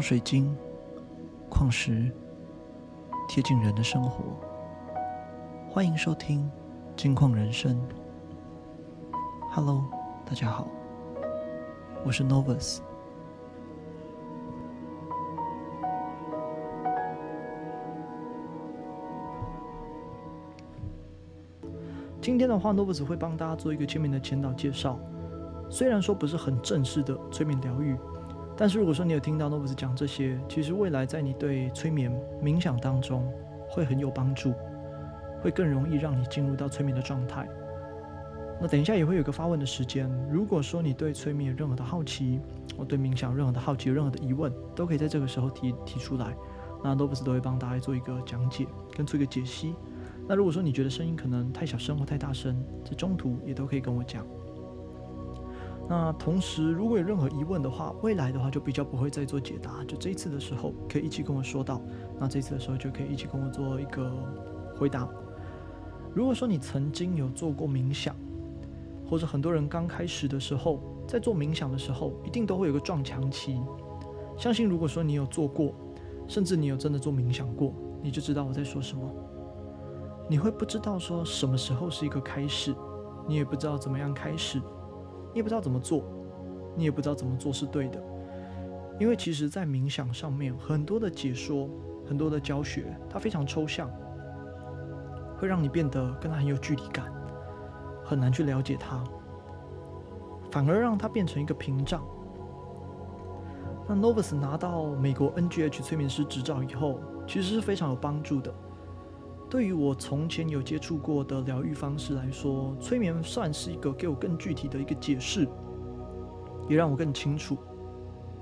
水晶、礦石，貼近人的生活。歡迎收聽《晶礦人生》。Hello，大家好，我是 Novus。今天的話，Novus 會幫大家做一個催眠的前導介紹，雖然說不是很正式的催眠療癒。但是如果說你有聽到 Novus 講這些，其實未來在你對催眠冥想當中會很有幫助，會更容易讓你進入到催眠的狀態。那等一下也會有一個發問的時間，如果說你對催眠有任何的好奇，或對冥想任何的好奇，有任何的疑問，都可以在這個時候提提出來。那 Novus 都會幫大家做一個講解，跟做一個解析。那如果說你覺得聲音可能太小聲或太大聲，在中途也都可以跟我講。那同時，如果有任何疑問的話，未來的話就比較不會再做解答。就這一次的時候，可以一起跟我說到。那這次的時候，就可以一起跟我做一個回答。如果說你曾經有做過冥想，或者很多人剛開始的時候在做冥想的時候，一定都會有個撞牆期。相信如果說你有做過，甚至你有真的做冥想過，你就知道我在說什麼。你會不知道說什麼時候是一個開始，你也不知道怎麼樣開始。你也不知道怎麼做，你也不知道怎麼做是對的，因為其實，在冥想上面很多的解說、很多的教學，它非常抽象，會讓你變得跟他很有距離感，很難去了解他，反而讓他變成一個屏障。那 Novus 拿到美國 NGH 催眠師執照以後，其實是非常有幫助的。對於我從前有接觸過的療癒方式來說，催眠算是一個給我更具體的一個解釋，也讓我更清楚、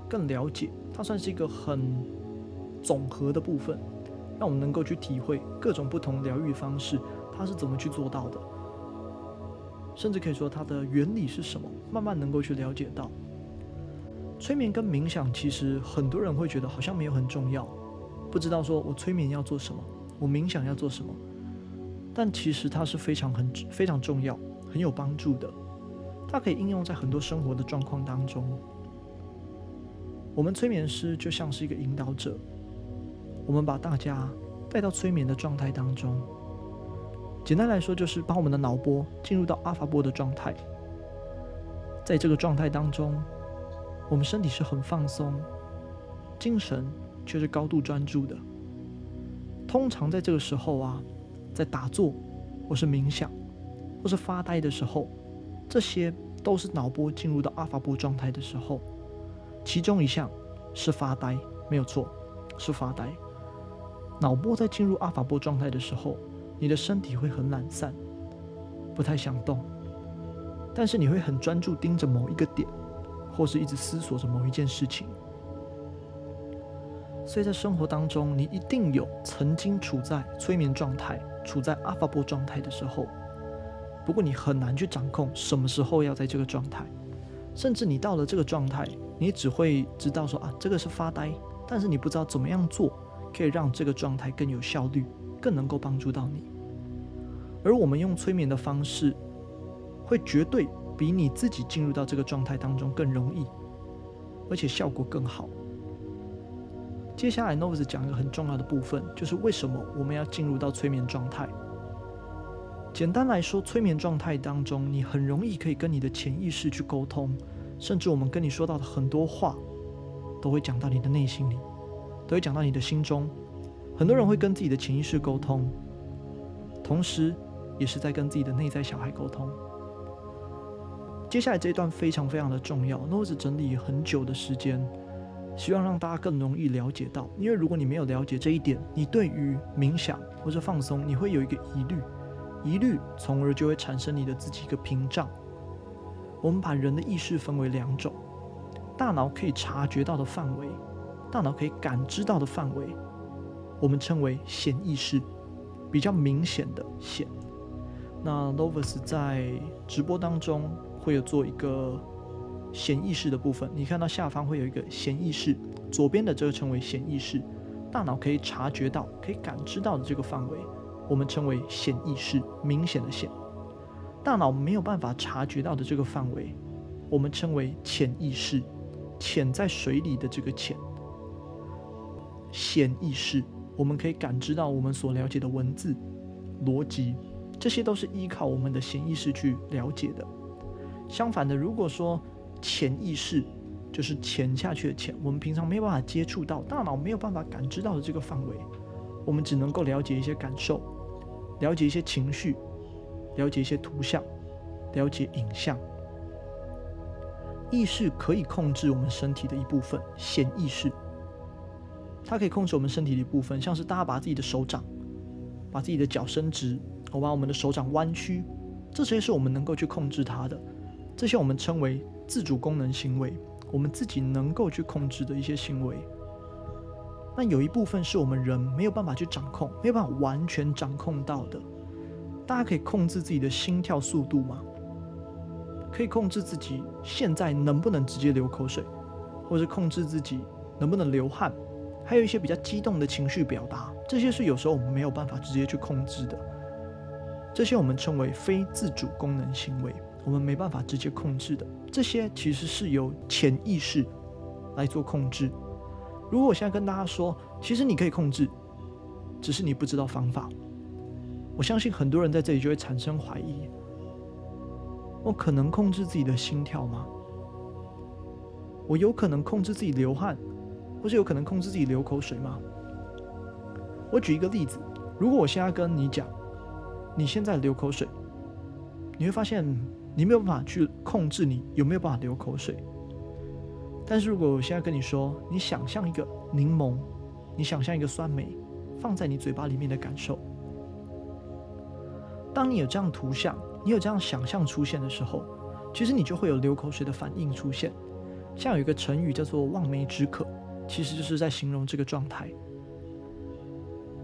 更了解。它算是一個很總和的部分，讓我們能夠去體會各種不同療癒方式它是怎麼去做到的，甚至可以說它的原理是什麼，慢慢能夠去了解到。催眠跟冥想其實很多人會覺得好像沒有很重要，不知道說我催眠要做什麼。我冥想要做什麼？但其實它是非常很非常重要、很有幫助的。它可以應用在很多生活的狀況當中。我們催眠師就像是一個引導者，我們把大家帶到催眠的狀態當中。簡單來說，就是把我們的腦波進入到阿爾法波的狀態。在這個狀態當中，我們身體是很放鬆，精神卻是高度專注的。通常在這個時候啊，在打坐，或是冥想，或是發呆的時候，這些都是腦波進入到阿爾法波狀態的時候。其中一項是發呆，沒有錯，是發呆。腦波在進入阿爾法波狀態的時候，你的身體會很懶散，不太想動，但是你會很專注盯着某一個點，或是一直思索着某一件事情。所以在生活當中，你一定有曾經處在催眠狀態、處在阿法波狀態的時候。不過你很難去掌控什麼時候要在這個狀態，甚至你到了這個狀態，你只會知道說啊，這個是發呆，但是你不知道怎麼樣做可以讓這個狀態更有效率、更能夠幫助到你。而我們用催眠的方式，會絕對比你自己進入到這個狀態當中更容易，而且效果更好。接下來，Novus 講一個很重要的部分，就是為什麼我們要進入到催眠狀態。簡單來說，催眠狀態當中，你很容易可以跟你的潛意識去溝通，甚至我們跟你說到的很多話，都會講到你的內心裡，都會講到你的心中。很多人會跟自己的潛意識溝通，同時也是在跟自己的內在小孩溝通。接下來這一段非常非常的重要，Novus 整理很久的時間。希望讓大家更容易了解到，因為如果你沒有了解這一點，你對於冥想或者放鬆，你會有一個疑慮，疑慮，從而就會產生你的自己一個屏障。我們把人的意識分為兩種：大腦可以察覺到的範圍，大腦可以感知到的範圍，我們稱為顯意識，比較明顯的顯。那 Novus 在直播當中會有做一個。顯意識的部分，你看到下方會有一個顯意識，左邊的這個稱為顯意識，大腦可以察覺到、可以感知到的這個範圍，我們稱為顯意識，明顯的顯。大腦沒有辦法察覺到的這個範圍，我們稱為潛意識，潛在水裡的這個潛。顯意識，我們可以感知到我們所了解的文字、邏輯，這些都是依靠我們的顯意識去了解的。相反的，如果說，潛意識，就是潛下去的潛。我們平常沒有辦法接觸到，大腦沒有辦法感知到的這個範圍。我們只能夠了解一些感受，了解一些情緒，了解一些圖像，了解影像。意識可以控制我們身體的一部分，潛意識，它可以控制我們身體的一部分，像是大家把自己的手掌，把自己的腳伸直，我把我們的手掌彎曲，這些是我們能夠去控制它的。這些我們稱為，自主功能行為，我們自己能夠去控制的一些行為。那有一部分是我們人沒有辦法去掌控，沒有辦法完全掌控到的。大家可以控制自己的心跳速度嗎？可以控制自己現在能不能直接流口水，或者控制自己能不能流汗？還有一些比較激動的情緒表達，這些是有時候我們沒有辦法直接去控制的。這些我們稱為非自主功能行為。我們沒辦法直接控制的，這些其實是由潛意識來做控制。如果我現在跟大家說，其實你可以控制，只是你不知道方法。我相信很多人在這裡就會產生懷疑：我可能控制自己的心跳嗎？我有可能控制自己流汗，或是有可能控制自己流口水嗎？我舉一個例子，如果我現在跟你講，你現在流口水，你會發現。你沒有辦法去控制你，有沒有辦法流口水？但是如果我現在跟你說，你想象一個檸檬，你想象一個酸梅放在你嘴巴裡面的感受，當你有這樣圖像，你有這樣想象出現的時候，其實你就會有流口水的反應出現。像有一個成語叫做望梅止渴，其實就是在形容這個狀態。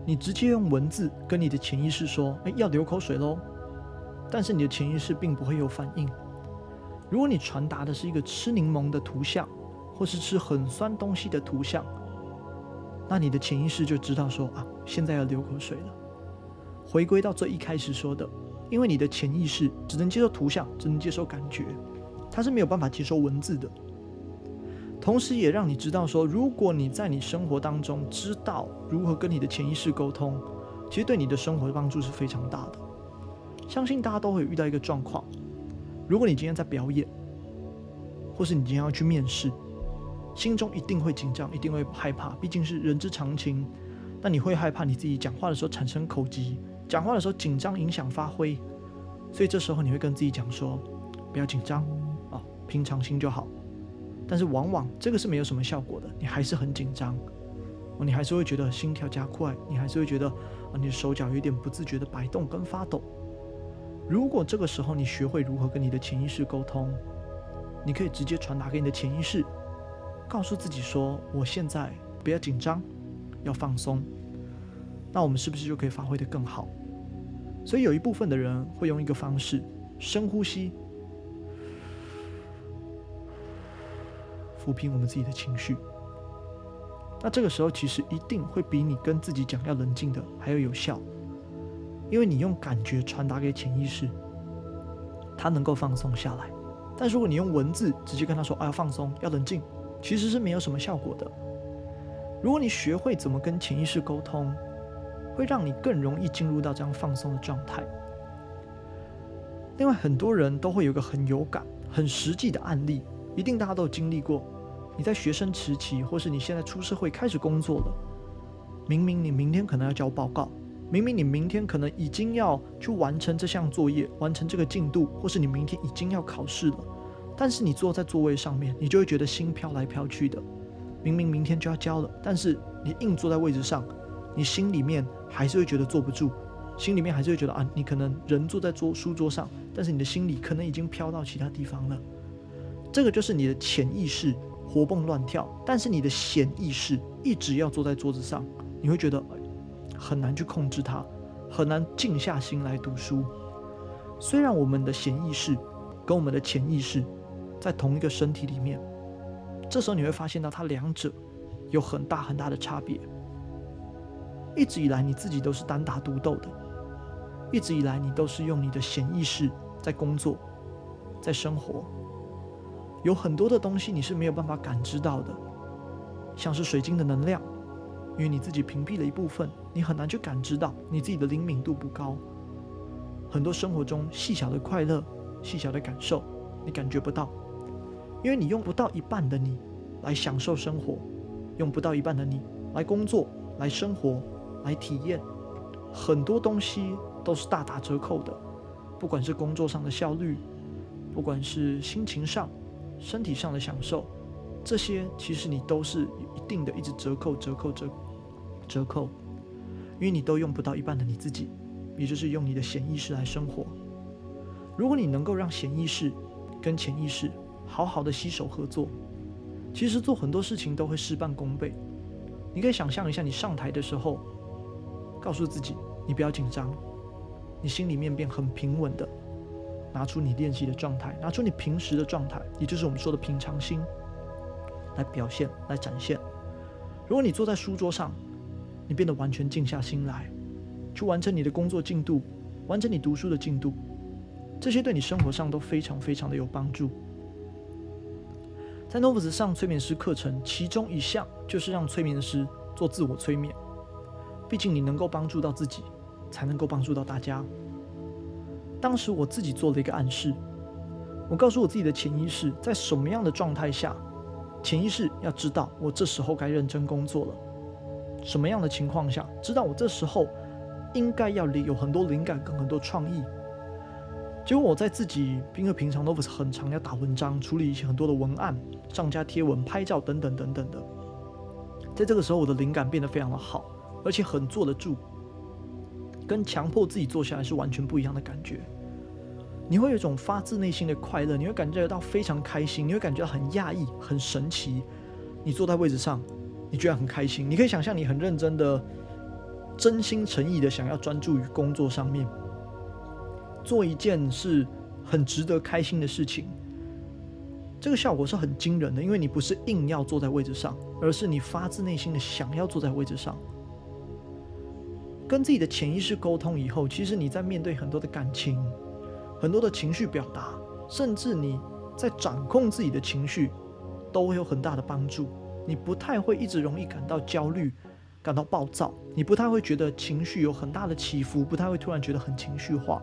你直接用文字跟你的潛意識說，哎、欸，要流口水嘍。但是你的潛意識並不會有反應。如果你傳達的是一個吃檸檬的圖像，或是吃很酸東西的圖像，那你的潛意識就知道說啊，現在要流口水了。回歸到最一開始說的，因為你的潛意識只能接受圖像，只能接受感覺，它是沒有辦法接受文字的。同時也讓你知道說，如果你在你生活當中知道如何跟你的潛意識溝通，其實對你的生活幫助是非常大的。相信大家都會遇到一個狀況：如果你今天在表演，或是你今天要去面試，心中一定會緊張，一定會害怕，畢竟是人之常情。但你會害怕你自己講話的時候產生口疾，講話的時候緊張影響發揮，所以這時候你會跟自己講說：“不要緊張啊，平常心就好。”但是往往這個是沒有什麼效果的，你還是很緊張，啊、你還是會覺得心跳加快，你還是會覺得啊，你的手腳有點不自覺的擺動跟發抖。如果這個時候你學會如何跟你的潛意識溝通，你可以直接傳達給你的潛意識，告訴自己說：“我現在不要緊張，要放鬆。”那我們是不是就可以發揮的更好？所以有一部分的人會用一個方式，深呼吸，撫平我們自己的情緒。那這個時候其實一定會比你跟自己講要冷靜的還要有，有效。因為你用感覺傳達給潛意識，它能夠放鬆下來。但如果你用文字直接跟他說“啊、哦，要放鬆，要冷靜”，其實是沒有什麼效果的。如果你學會怎麼跟潛意識溝通，會讓你更容易進入到這樣放鬆的狀態。另外，很多人都會有一個很有感、很實際的案例，一定大家都有經歷過：你在學生時期，或是你現在出社會開始工作了，明明你明天可能要交報告。明明你明天可能已經要去完成這項作業，完成這個進度，或是你明天已經要考試了，但是你坐在座位上面，你就會覺得心飄來飄去的。明明明天就要交了，但是你硬坐在位置上，你心裡面還是會覺得坐不住，心裡面還是會覺得啊，你可能人坐在桌書桌上，但是你的心裡可能已經飄到其他地方了。這個就是你的潛意識活蹦亂跳，但是你的潛意識一直要坐在桌子上，你會覺得，很難去控制它，很難靜下心來讀書。雖然我們的顯意識跟我們的潛意識在同一個身體裡面，這時候你會發現到它兩者有很大很大的差別。一直以來你自己都是單打獨鬥的，一直以來你都是用你的顯意識在工作，在生活，有很多的東西你是沒有辦法感知到的，像是水晶的能量。因為你自己屏蔽了一部分，你很難去感知到你自己的靈敏度不高，很多生活中細小的快樂、細小的感受，你感覺不到，因為你用不到一半的你來享受生活，用不到一半的你來工作、來生活、來體驗，很多東西都是大打折扣的，不管是工作上的效率，不管是心情上、身體上的享受。這些其實你都是一定的，一直折扣、折扣、折折扣，因為你都用不到一半的你自己，也就是用你的顯意識來生活。如果你能夠讓顯意識跟潛意識好好的攜手合作，其實做很多事情都會事半功倍。你可以想象一下，你上台的時候，告訴自己你不要緊張，你心裡面便很平穩的拿出你練習的狀態，拿出你平時的狀態，也就是我們說的平常心。來表現，來展現。如果你坐在書桌上，你變得完全靜下心來，去完成你的工作進度，完成你讀書的進度，這些對你生活上都非常非常的有幫助。在 Novus 上催眠師課程，其中一項就是讓催眠師做自我催眠。畢竟你能夠幫助到自己，才能夠幫助到大家。當時我自己做了一個暗示，我告訴我自己的潛意識，在什麼樣的狀態下。潛意識要知道，我這時候該認真工作了。什麼樣的情況下，知道我這時候應該要有很多靈感跟很多創意？結果我在自己因為平常都很常要打文章、處理一些很多的文案、上架貼文、拍照等等等等的。在這個時候，我的靈感變得非常的好，而且很坐得住，跟強迫自己坐下來是完全不一樣的感覺。你會有一種發自內心的快樂，你會感覺到非常開心，你會感覺到很訝異、很神奇。你坐在位置上，你居然很開心。你可以想象，你很認真的、真心誠意的想要專注於工作上面，做一件是很值得開心的事情。這個效果是很驚人的，因為你不是硬要坐在位置上，而是你發自內心的想要坐在位置上。跟自己的潛意識溝通以後，其實你在面對很多的感情。很多的情緒表達，甚至你在掌控自己的情緒，都會有很大的幫助。你不太會一直容易感到焦慮，感到暴躁，你不太會覺得情緒有很大的起伏，不太會突然覺得很情緒化。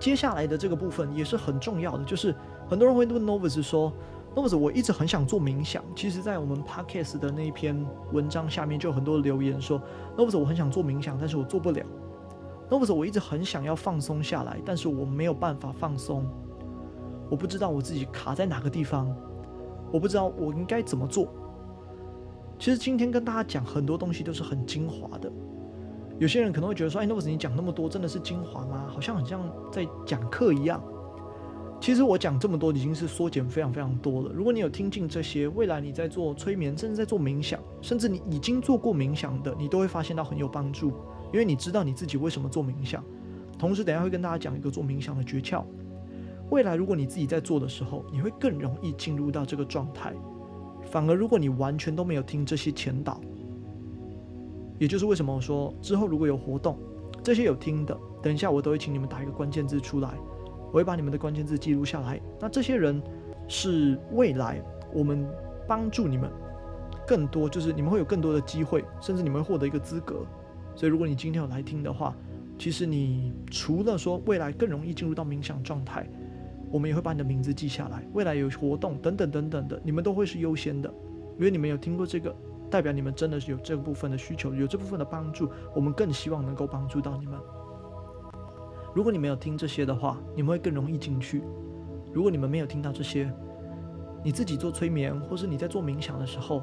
接下來的這個部分也是很重要的，就是很多人會問 Novus 說 Novus 我一直很想做冥想。其實，在我們 Podcast 的那篇文章下面就有很多留言說 Novus 我很想做冥想，但是我做不了。Novus，我一直很想要放鬆下來，但是我沒有辦法放鬆。我不知道我自己卡在哪個地方，我不知道我應該怎麼做。其實今天跟大家講很多東西都是很精華的。有些人可能會覺得說：“哎，Novus，你講那麼多，真的是精華嗎？好像很像在講課一樣。”其實我講這麼多已經是縮減非常非常多了。如果你有聽進這些，未來你在做催眠，甚至在做冥想，甚至你已經做過冥想的，你都會發現到很有幫助。因為你知道你自己為什麼做冥想，同時等下會跟大家講一個做冥想的訣竅。未來如果你自己在做的時候，你會更容易進入到這個狀態。反而如果你完全都沒有聽這些前導，也就是為什麼我說之後如果有活動，這些有聽的，等一下我都會請你們打一個關鍵字出來，我會把你們的關鍵字記錄下來。那這些人是未來我們幫助你們更多，就是你們會有更多的機會，甚至你們會獲得一個資格。所以，如果你今天有來聽的話，其實你除了說未來更容易進入到冥想狀態，我們也會把你的名字記下來。未來有活動等等等等的，你們都會是優先的，因為你們有聽過這個，代表你們真的是有這部分的需求，有這部分的幫助，我們更希望能夠幫助到你們。如果你沒有聽這些的話，你們會更容易進去；如果你們沒有聽到這些，你自己做催眠或是你在做冥想的時候。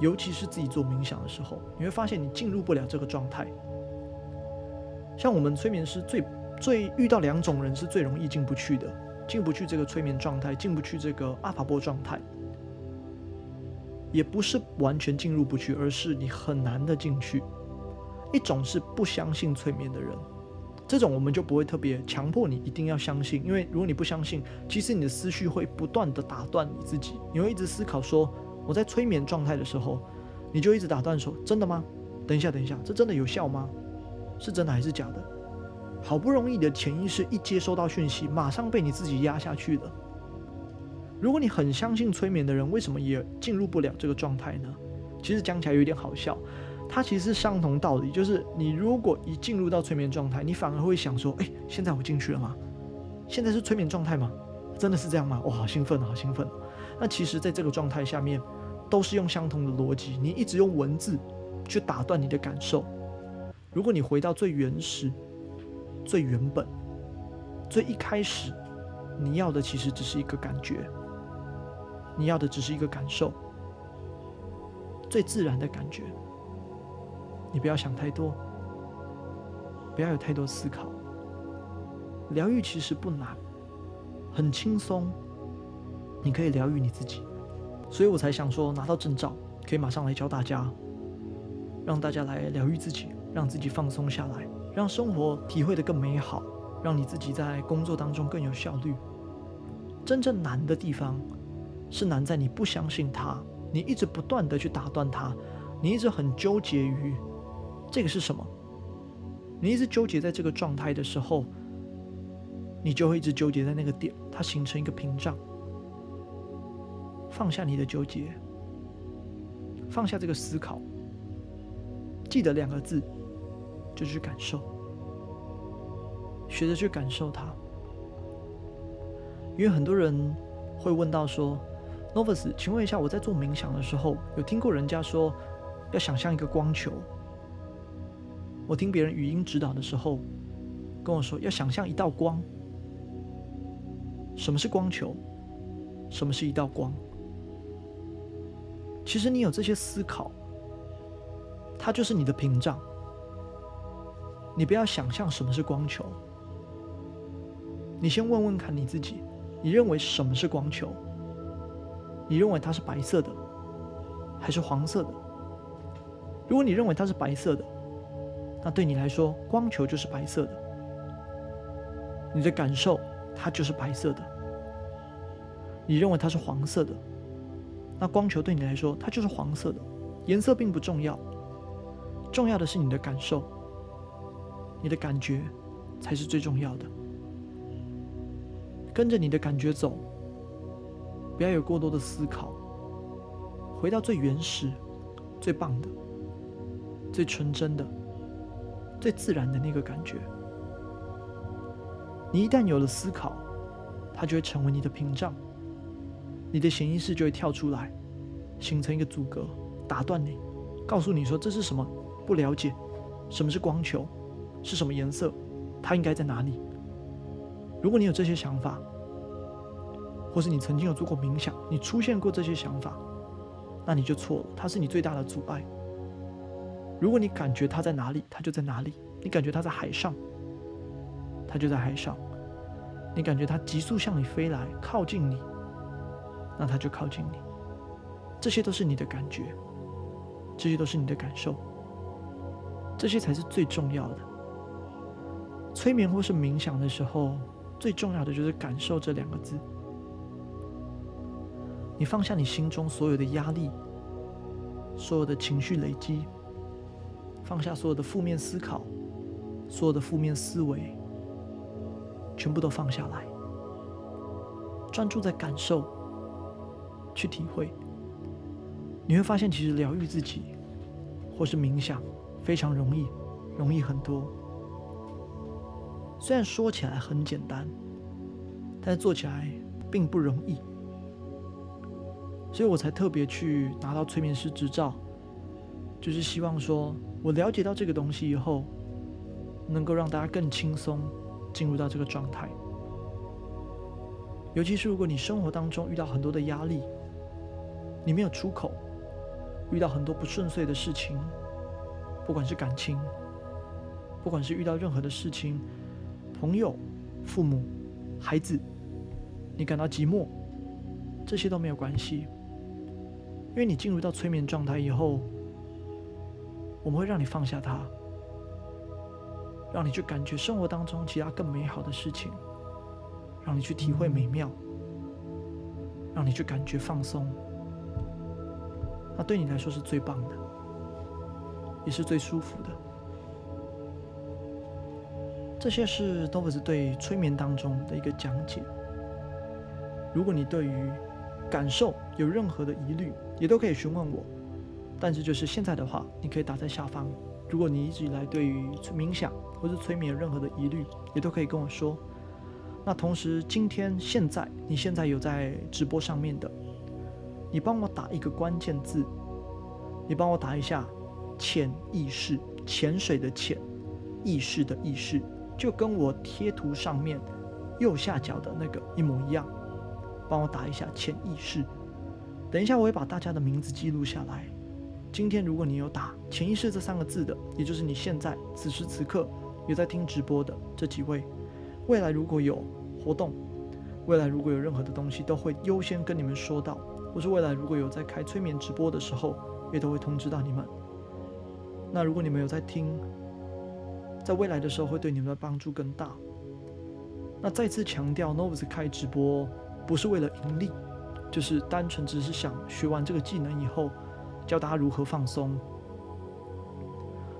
尤其是自己做冥想的時候，你會發現你進入不了這個狀態。像我們催眠師最最遇到兩種人是最容易進不去的，進不去這個催眠狀態，進不去這個阿法波狀態。也不是完全進入不去，而是你很難的進去。一種是不相信催眠的人，這種我們就不會特別強迫你一定要相信，因為如果你不相信，其實你的思緒會不斷的打斷你自己，你會一直思考說。我在催眠狀態的時候，你就一直打斷說：“真的嗎？等一下，等一下，這真的有效嗎？是真的還是假的？”好不容易的潛意識一接收到訊息，馬上被你自己壓下去了。如果你很相信催眠的人，為什麼也進入不了這個狀態呢？其實講起來有點好笑，它其實是相同道理，就是你如果一進入到催眠狀態，你反而會想說：“哎、欸，現在我進去了嗎？現在是催眠狀態嗎？真的是這樣嗎？”我好興奮，好興奮。那其實，在這個狀態下面，都是用相同的邏輯。你一直用文字去打斷你的感受。如果你回到最原始、最原本、最一開始，你要的其實只是一個感覺，你要的只是一個感受，最自然的感覺。你不要想太多，不要有太多思考。療癒其實不難，很輕鬆。你可以療癒你自己，所以我才想說拿到證照，可以馬上來教大家，讓大家來療癒自己，讓自己放鬆下來，讓生活體會得更美好，讓你自己在工作當中更有效率。真正難的地方是難在你不相信它，你一直不斷地去打斷它，你一直很糾結於這個是什麼，你一直糾結在這個狀態的時候，你就會一直糾結在那個點，它形成一個屏障。放下你的糾結，放下這個思考。記得兩個字，就是感受，學着去感受它。因為很多人會問到說：“Novus，請問一下，我在做冥想的時候，有聽過人家說要想象一個光球？我聽別人語音指導的時候，跟我說要想象一道光。什麼是光球？什麼是一道光？”其實你有這些思考，它就是你的屏障。你不要想象什麼是光球。你先問問看你自己，你認為什麼是光球？你認為它是白色的，還是黃色的？如果你認為它是白色的，那對你來說，光球就是白色的。你的感受，它就是白色的。你認為它是黃色的？那光球對你來說，它就是黃色的，顏色並不重要，重要的是你的感受，你的感覺才是最重要的。跟着你的感覺走，不要有過多的思考，回到最原始、最棒的、最純真的、最自然的那個感覺。你一旦有了思考，它就會成為你的屏障。你的潛意識就會跳出來，形成一個阻隔，打斷你，告訴你說這是什麼？不了解，什麼是光球？是什麼顏色？它應該在哪裡？如果你有這些想法，或是你曾經有做過冥想，你出現過這些想法，那你就錯了。它是你最大的阻礙。如果你感覺它在哪裡，它就在哪裡。你感覺它在海上，它就在海上。你感覺它急速向你飛來，靠近你。那他就靠近你，這些都是你的感覺，這些都是你的感受，這些才是最重要的。催眠或是冥想的時候，最重要的就是感受這兩個字。你放下你心中所有的壓力，所有的情緒累積，放下所有的負面思考，所有的負面思維，全部都放下來，專注在感受。去體會，你會發現其實療癒自己，或是冥想非常容易，容易很多。雖然說起來很簡單，但是做起來並不容易，所以我才特別去拿到催眠師執照，就是希望說我了解到這個東西以後，能夠讓大家更輕鬆進入到這個狀態。尤其是如果你生活當中遇到很多的壓力。你沒有出口，遇到很多不順遂的事情，不管是感情，不管是遇到任何的事情，朋友、父母、孩子，你感到寂寞，這些都沒有關係，因為你進入到催眠狀態以後，我們會讓你放下它，讓你去感覺生活當中其他更美好的事情，讓你去體會美妙，讓你去感覺放鬆。那對你來說是最棒的，也是最舒服的。這些是都不是對催眠當中的一個講解。如果你對於感受有任何的疑慮，也都可以詢問我。但是就是現在的話，你可以打在下方。如果你一直以來對於冥想或者催眠有任何的疑慮，也都可以跟我說。那同時今天現在你現在有在直播上面的。你幫我打一個關鍵字，你幫我打一下“潛意識”，潛水的潛，意識的意識，就跟我貼圖上面右下角的那個一模一樣。幫我打一下“潛意識”，等一下我會把大家的名字記錄下來。今天如果你有打“潛意識”這三個字的，也就是你現在此時此刻有在聽直播的這幾位，未來如果有活動，未來如果有任何的東西，都會優先跟你們說到。或是未來如果有在開催眠直播的時候，也都會通知到你們。那如果你們有在聽，在未來的時候會對你們的幫助更大。那再次強調，Novus 開直播不是為了盈利，就是單純只是想學完這個技能以後，教大家如何放鬆。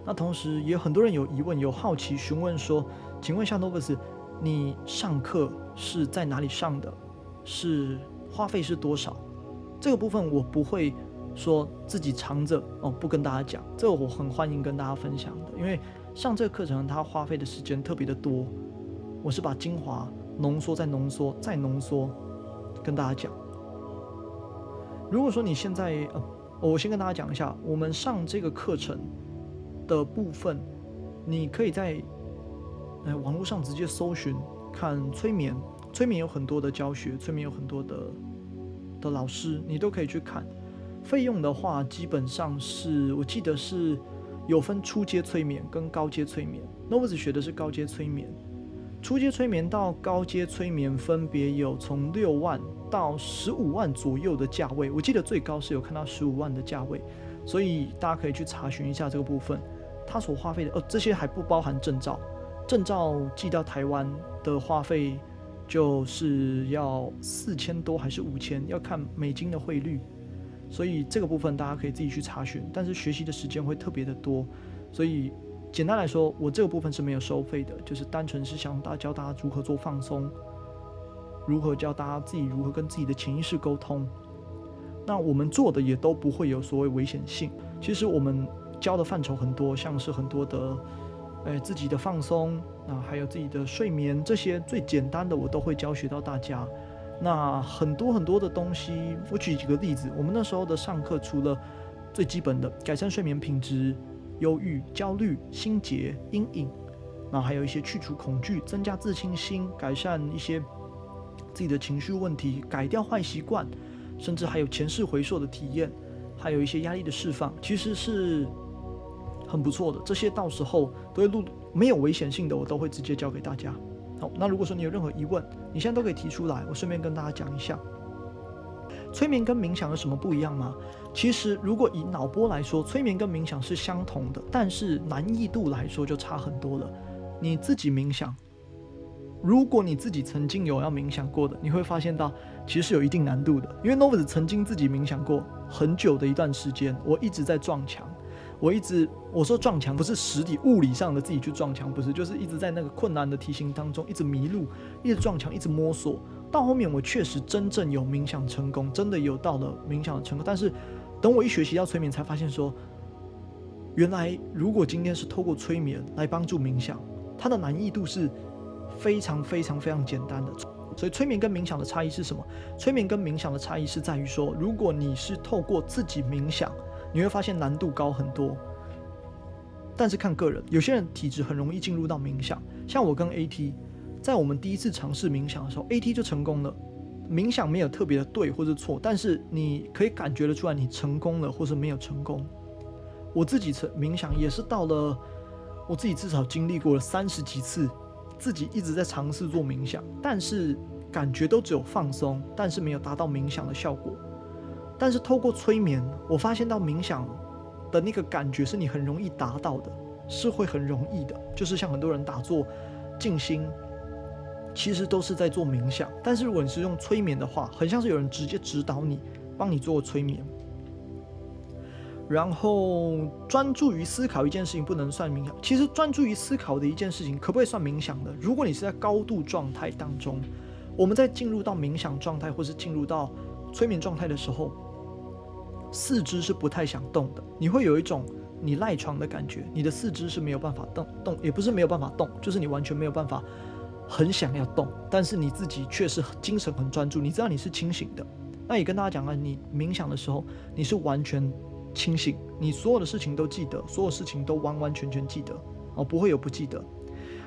那同時也有很多人有疑問，有好奇詢問說：“請問一下 Novus，你上課是在哪裡上的？是花費是多少？”這個部分我不會說自己藏着哦，不跟大家講。這個我很歡迎跟大家分享的，因為上這個課程它花費的時間特別的多，我是把精華濃縮再濃縮再濃縮跟大家講。如果說你現在呃，我先跟大家講一下，我們上這個課程的部分，你可以在呃網絡上直接搜尋看催眠，催眠有很多的教學，催眠有很多的。的老師，你都可以去看。費用的話，基本上是我記得是有分初階催眠跟高階催眠。那我只學的是高階催眠。初階催眠到高階催眠，分別有從六萬到十五萬左右的價位。我記得最高是有看到十五萬的價位，所以大家可以去查詢一下這個部分，他所花費的哦，這些還不包含證照，證照寄到台灣的花費。就是要四千多還是五千，要看美金的匯率，所以這個部分大家可以自己去查詢。但是學習的時間會特別的多，所以簡單來說，我這個部分是沒有收費的，就是單純是想大家教大家如何做放鬆，如何教大家自己如何跟自己的潛意識溝通。那我們做的也都不會有所謂危險性。其實我們教的範疇很多，像是很多的。誒、哎，自己的放鬆啊，那還有自己的睡眠，這些最簡單的我都會教學到大家。那很多很多的東西，我舉幾個例子。我們那時候的上課，除了最基本的改善睡眠品質、憂鬱、焦慮、心結、陰影，那還有一些去除恐懼、增加自信心、改善一些自己的情緒問題、改掉壞習慣，甚至還有前世回溯的體驗，還有一些壓力的釋放，其實是。很不錯的，這些到時候都會錄，沒有危險性的，我都會直接教給大家。好，那如果說你有任何疑問，你現在都可以提出來，我順便跟大家講一下。催眠跟冥想有什麼不一樣嗎？其實，如果以腦波來說，催眠跟冥想是相同的，但是難易度來說就差很多了。你自己冥想，如果你自己曾經有要冥想過的，你會發現到其實是有一定難度的。因為 Novus 曾經自己冥想過很久的一段時間，我一直在撞牆。我一直，我說撞牆不是實體物理上的自己去撞牆，不是，就是一直在那個困難的題型當中一直迷路，一直撞牆，一直摸索。到後面我確實真正有冥想成功，真的有到了冥想的成功。但是等我一學習到催眠，才發現說，原來如果今天是透過催眠來幫助冥想，它的難易度是非常非常非常簡單的。所以催眠跟冥想的差異是什麼？催眠跟冥想的差異是在於說，如果你是透過自己冥想。你會發現難度高很多，但是看個人，有些人體質很容易進入到冥想，像我跟 AT，在我們第一次嘗試冥想的時候，AT 就成功了。冥想沒有特別的對或者錯，但是你可以感覺得出來你成功了，或是沒有成功。我自己成冥想也是到了我自己至少經歷過了三十幾次，自己一直在嘗試做冥想，但是感覺都只有放鬆，但是沒有達到冥想的效果。但是透過催眠，我發現到冥想的那個感覺是你很容易達到的，是會很容易的。就是像很多人打坐、靜心，其實都是在做冥想。但是如果你是用催眠的話，很像是有人直接指導你，幫你做催眠。然後專注於思考一件事情，不能算冥想。其實專注於思考的一件事情，可不可以算冥想的？如果你是在高度狀態當中，我們在進入到冥想狀態或是進入到催眠狀態的時候。四肢是不太想動的，你會有一種你賴床的感覺，你的四肢是沒有辦法動動，也不是沒有辦法動，就是你完全沒有辦法，很想要動，但是你自己卻是精神很專注，你知道你是清醒的。那也跟大家講啊，你冥想的時候你是完全清醒，你所有的事情都記得，所有事情都完完全全記得，哦，不會有不記得。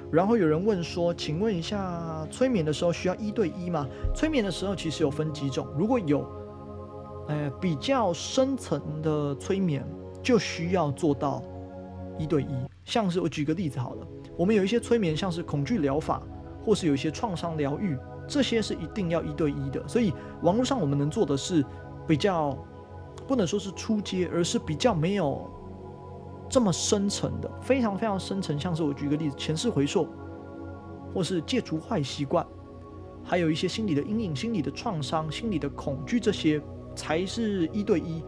然後有人問說，請問一下，催眠的時候需要一對一嗎？催眠的時候其實有分幾種，如果有，呃，比較深層的催眠就需要做到一對一。像是我舉個例子好了，我們有一些催眠，像是恐懼療法，或是有一些創傷療癒，這些是一定要一對一的。所以網絡上我們能做的是比較，不能說是初階，而是比較沒有這麼深層的，非常非常深層。像是我舉個例子，前世回溯，或是戒除壞習慣，還有一些心理的陰影、心理的創傷、心理的恐懼這些。才是一對一，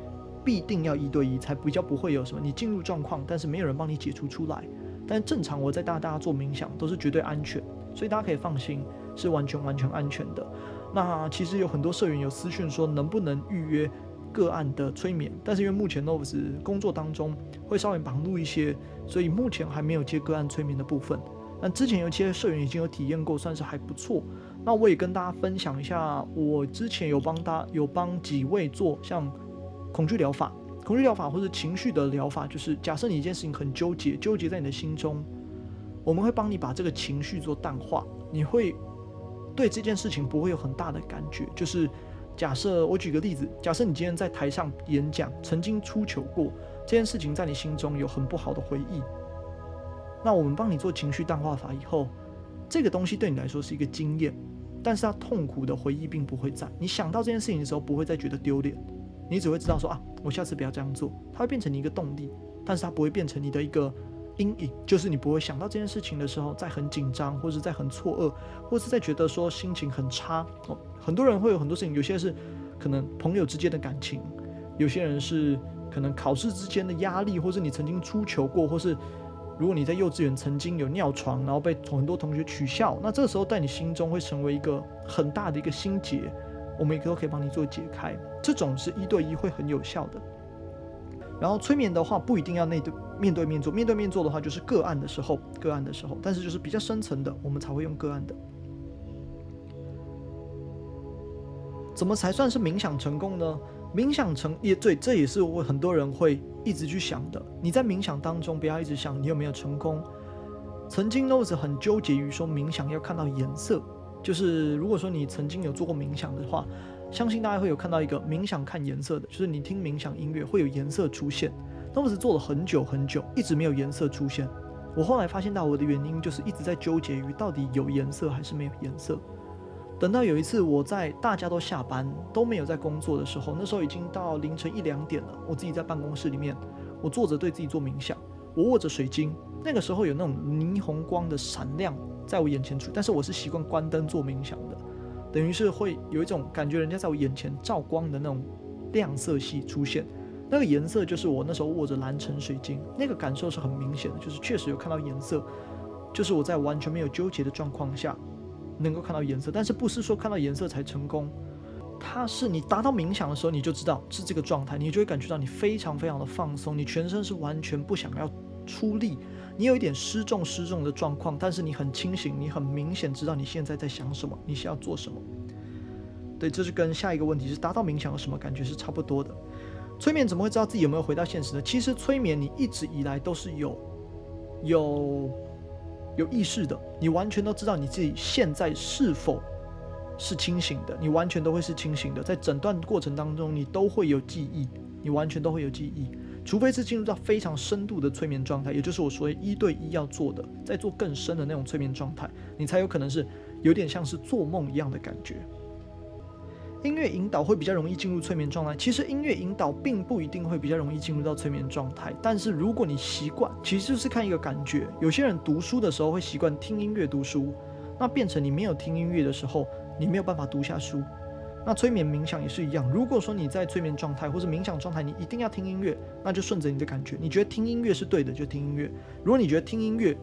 必定要一對一，才比較不會有什麼你進入狀況，但是沒有人幫你解除出來。但正常我在帶大家做冥想，都是絕對安全，所以大家可以放心，是完全完全安全的。那其實有很多社員有私訊說能不能預約個案的催眠，但是因為目前 Novus 工作當中會稍微忙碌一些，所以目前還沒有接個案催眠的部分。那之前有些社員已經有體驗過，算是還不錯。那我也跟大家分享一下，我之前有幫大家有幫幾位做像恐懼療法、恐懼療法或是情緒的療法，就是假設你一件事情很糾結，糾結在你的心中，我們會幫你把這個情緒做淡化，你會對這件事情不會有很大的感覺。就是假設我舉個例子，假設你今天在台上演講，曾經出糗過這件事情，在你心中有很不好的回憶，那我們幫你做情緒淡化法以後，這個東西對你來說是一個經驗。但是他痛苦的回憶並不會，在你想到這件事情的時候不會再覺得丟臉，你只會知道說啊，我下次不要這樣做，它會變成你一個動力，但是它不會變成你的一個陰影，就是你不會想到這件事情的時候再很緊張，或者再很錯愕，或者是再覺得說心情很差哦。很多人會有很多事情，有些是可能朋友之間的感情，有些人是可能考試之間的壓力，或是你曾經出糗過，或是。如果你在幼稚園曾經有尿床，然後被很多同學取笑，那這個時候在你心中會成為一個很大的一個心結，我們都可以幫你做解開。這種是一對一會很有效的。然後催眠的話不一定要那對面對面做，面對面做的話就是個案的時候，個案的時候，但是就是比較深層的，我們才會用個案的。怎麼才算是冥想成功呢？冥想成也對，這也是我很多人會一直去想的。你在冥想當中，不要一直想你有沒有成功。曾經諾 e 很糾結於說冥想要看到顏色，就是如果說你曾經有做過冥想的話，相信大家會有看到一個冥想看顏色的，就是你聽冥想音樂會有顏色出現。諾 e 做了很久很久，一直沒有顏色出現。我後來發現到我的原因就是一直在糾結於到底有顏色還是沒有顏色。等到有一次，我在大家都下班都沒有在工作的時候，那時候已經到凌晨一兩點了。我自己在辦公室裡面，我坐着對自己做冥想，我握着水晶，那個時候有那種霓虹光的閃亮在我眼前出。但是我是習慣關燈做冥想的，等於是會有一種感覺，人家在我眼前照光的那種亮色系出現，那個顏色就是我那時候握着藍橙水晶，那個感受是很明顯的，就是確實有看到顏色，就是我在完全沒有糾結的狀況下。能夠看到顏色，但是不是說看到顏色才成功？它是你達到冥想的時候，你就知道是這個狀態，你就會感覺到你非常非常的放鬆，你全身是完全不想要出力，你有一點失重失重的狀況，但是你很清醒，你很明顯知道你現在在想什麼，你想要做什麼。對，這是跟下一個問題是達到冥想的什麼感覺是差不多的。催眠怎麼會知道自己有沒有回到現實呢？其實催眠你一直以來都是有有。有意識的，你完全都知道你自己現在是否是清醒的，你完全都會是清醒的。在整段過程當中，你都會有記憶，你完全都會有記憶，除非是進入到非常深度的催眠狀態，也就是我所謂一對一要做的，在做更深的那種催眠狀態，你才有可能是有點像是做夢一樣的感覺。音樂引導會比較容易進入催眠狀態，其實音樂引導並不一定會比較容易進入到催眠狀態，但是如果你習慣，其實就是看一個感覺。有些人讀書的時候會習慣聽音樂讀書，那變成你沒有聽音樂的時候，你沒有辦法讀下書。那催眠冥想也是一樣，如果說你在催眠狀態或是冥想狀態，你一定要聽音樂，那就順着你的感覺，你覺得聽音樂是對的就聽音樂，如果你覺得聽音樂，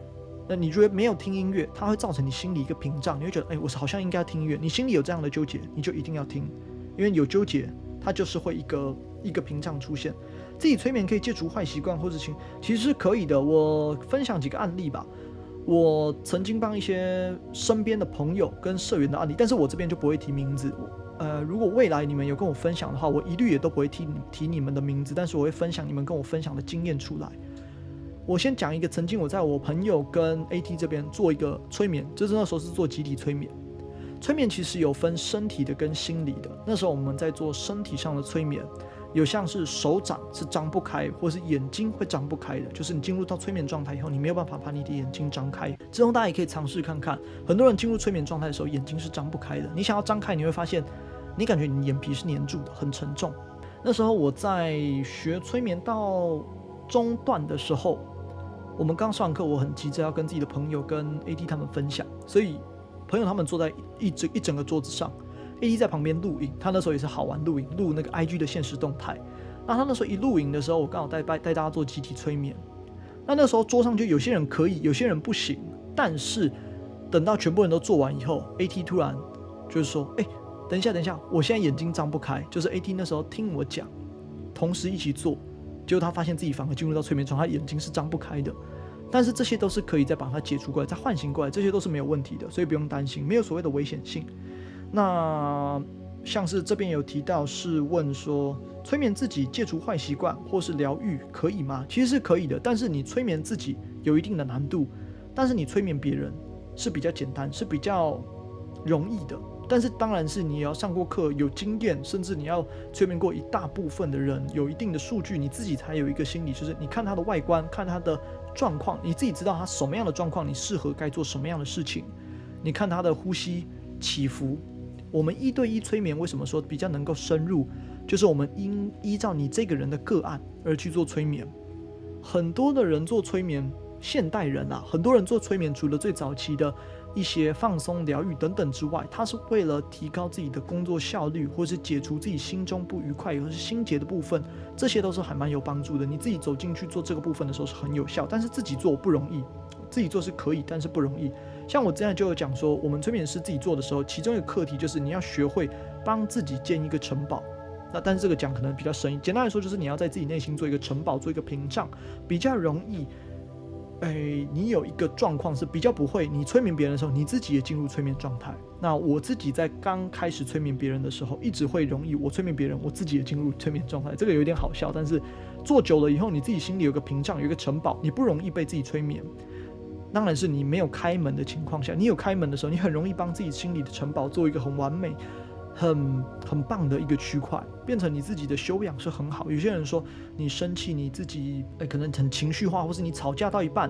那你覺得沒有聽音樂，它會造成你心裡一個屏障，你會覺得，哎、欸，我好像應該要聽音樂。你心裡有這樣的糾結，你就一定要聽，因為有糾結，它就是會一個一個屏障出現。自己催眠可以戒除壞習慣或事情，其實是可以的。我分享幾個案例吧，我曾經幫一些身邊的朋友跟社員的案例，但是我這邊就不會提名字。呃，如果未來你們有跟我分享的話，我一律也都不會提你提你們的名字，但是我會分享你們跟我分享的經驗出來。我先講一個，曾經我在我朋友跟 AT 這邊做一個催眠，就是那時候是做集體催眠。催眠其實有分身體的跟心理的，那時候我們在做身體上的催眠，有像是手掌是張不開，或是眼睛會張不開的，就是你進入到催眠狀態以後，你沒有辦法把你的眼睛張開。之後大家也可以嘗試看看，很多人進入催眠狀態的時候，眼睛是張不開的。你想要張開，你會發現你感覺你眼皮是黏住的，很沉重。那時候我在學催眠到中段的時候。我們剛上完課，我很急着要跟自己的朋友跟 A T 他們分享，所以朋友他們坐在一整一整個桌子上，A T 在旁邊錄影，他那時候也是好玩錄影，錄那個 I G 的限時動態。那他那時候一錄影的時候，我剛好帶帶大家做集體催眠。那那時候桌上就有些人可以，有些人不行。但是等到全部人都做完以後，A T 突然就是說：“哎，等一下，等一下，我現在眼睛張不開。”就是 A T 那時候聽我講，同時一起做。結果他發現自己反而進入到催眠狀態，他眼睛是張不開的，但是這些都是可以再把他解除過來，再喚醒過來，這些都是沒有問題的，所以不用擔心，沒有所謂的危險性。那像是這邊有提到是問說，催眠自己戒除壞習慣或是療癒可以嗎？其實是可以的，但是你催眠自己有一定的難度，但是你催眠別人是比較簡單，是比較容易的。但是當然是你也要上過課，有經驗，甚至你要催眠過一大部分的人，有一定的數據，你自己才有一個心理，就是你看他的外觀，看他的狀況，你自己知道他什麼樣的狀況，你適合該做什麼樣的事情。你看他的呼吸起伏，我們一對一催眠為什麼說比較能夠深入？就是我們應依照你這個人的個案而去做催眠。很多的人做催眠，現代人啊，很多人做催眠，除了最早期的。一些放鬆、療癒等等之外，它是為了提高自己的工作效率，或是解除自己心中不愉快，或是心結的部分，這些都是還蠻有幫助的。你自己走進去做這個部分的時候是很有效，但是自己做不容易。自己做是可以，但是不容易。像我之前就有講說，我們催眠師自己做的時候，其中一個課題就是你要學會幫自己建一個城堡。那但是這個講可能比較深意，簡單來說就是你要在自己內心做一個城堡，做一個屏障，比較容易。誒、哎，你有一個狀況是比較不會，你催眠別人的時候，你自己也進入催眠狀態。那我自己在剛開始催眠別人的時候，一直會容易我催眠別人，我自己也進入催眠狀態。這個有點好笑，但是做久了以後，你自己心裡有個屏障，有個城堡，你不容易被自己催眠。當然是你沒有開門的情況下，你有開門的時候，你很容易幫自己心裡的城堡做一個很完美。很很棒的一個區塊，變成你自己的修養是很好。有些人說你生氣，你自己，欸、可能很情緒化，或是你吵架到一半，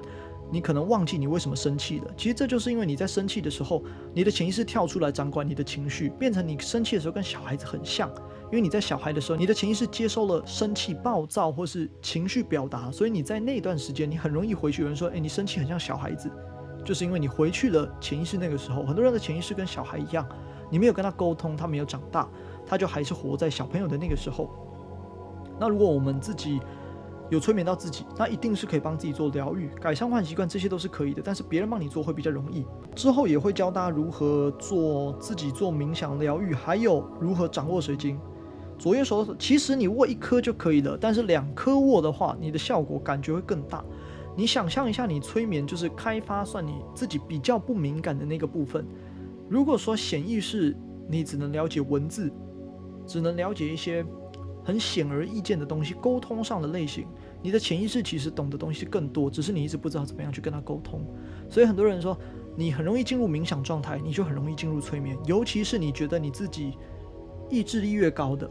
你可能忘記你為什麼生氣了。其實這就是因為你在生氣的時候，你的潛意識跳出來掌管你的情緒，變成你生氣的時候跟小孩子很像。因為你在小孩的時候，你的潛意識接收了生氣、暴躁或是情緒表達，所以你在那段時間你很容易回去。有人說，哎、欸，你生氣很像小孩子，就是因為你回去了潛意識那個時候，很多人的潛意識跟小孩一樣。你沒有跟他溝通，他沒有長大，他就還是活在小朋友的那個時候。那如果我們自己有催眠到自己，那一定是可以幫自己做療癒、改善壞習慣，這些都是可以的。但是別人幫你做會比較容易。之後也會教大家如何做自己做冥想療癒，還有如何掌握水晶。左右手其實你握一顆就可以了，但是兩顆握的話，你的效果感覺會更大。你想象一下，你催眠就是開發算你自己比較不敏感的那個部分。如果說顯意識你只能了解文字，只能了解一些很顯而易見的東西，溝通上的類型，你的潛意識其實懂的東西更多，只是你一直不知道怎麼樣去跟他溝通。所以很多人說，你很容易進入冥想狀態，你就很容易進入催眠，尤其是你覺得你自己意志力越高的，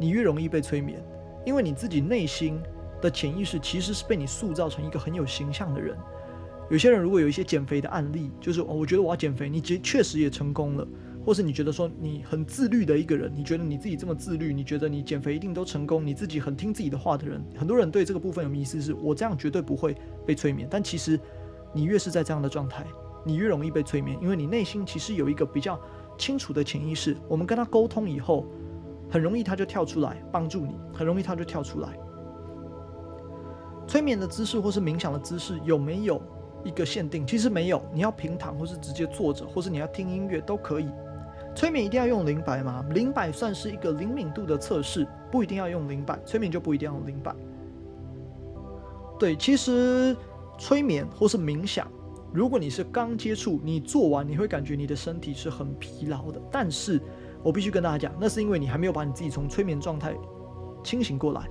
你越容易被催眠，因為你自己內心的潛意識其實是被你塑造成一個很有形象的人。有些人如果有一些減肥的案例，就是、哦、我覺得我要減肥，你覺確實也成功了，或是你覺得說你很自律的一個人，你覺得你自己這麼自律，你覺得你減肥一定都成功，你自己很聽自己的話的人，很多人對這個部分有迷思是，是我這樣絕對不會被催眠。但其實，你越是在這樣的狀態，你越容易被催眠，因為你內心其實有一個比較清楚的潛意識。我們跟他溝通以後，很容易他就跳出來幫助你，很容易他就跳出來。催眠的姿勢或是冥想的姿勢有沒有？一個限定其實沒有，你要平躺或是直接坐着，或是你要聽音樂都可以。催眠一定要用靈擺嗎？靈擺算是一個靈敏度的測試，不一定要用靈擺，催眠就不一定要用靈擺。對，其實催眠或是冥想，如果你是剛接觸，你做完你會感覺你的身體是很疲勞的，但是我必須跟大家講，那是因為你還沒有把你自己從催眠狀態清醒過來。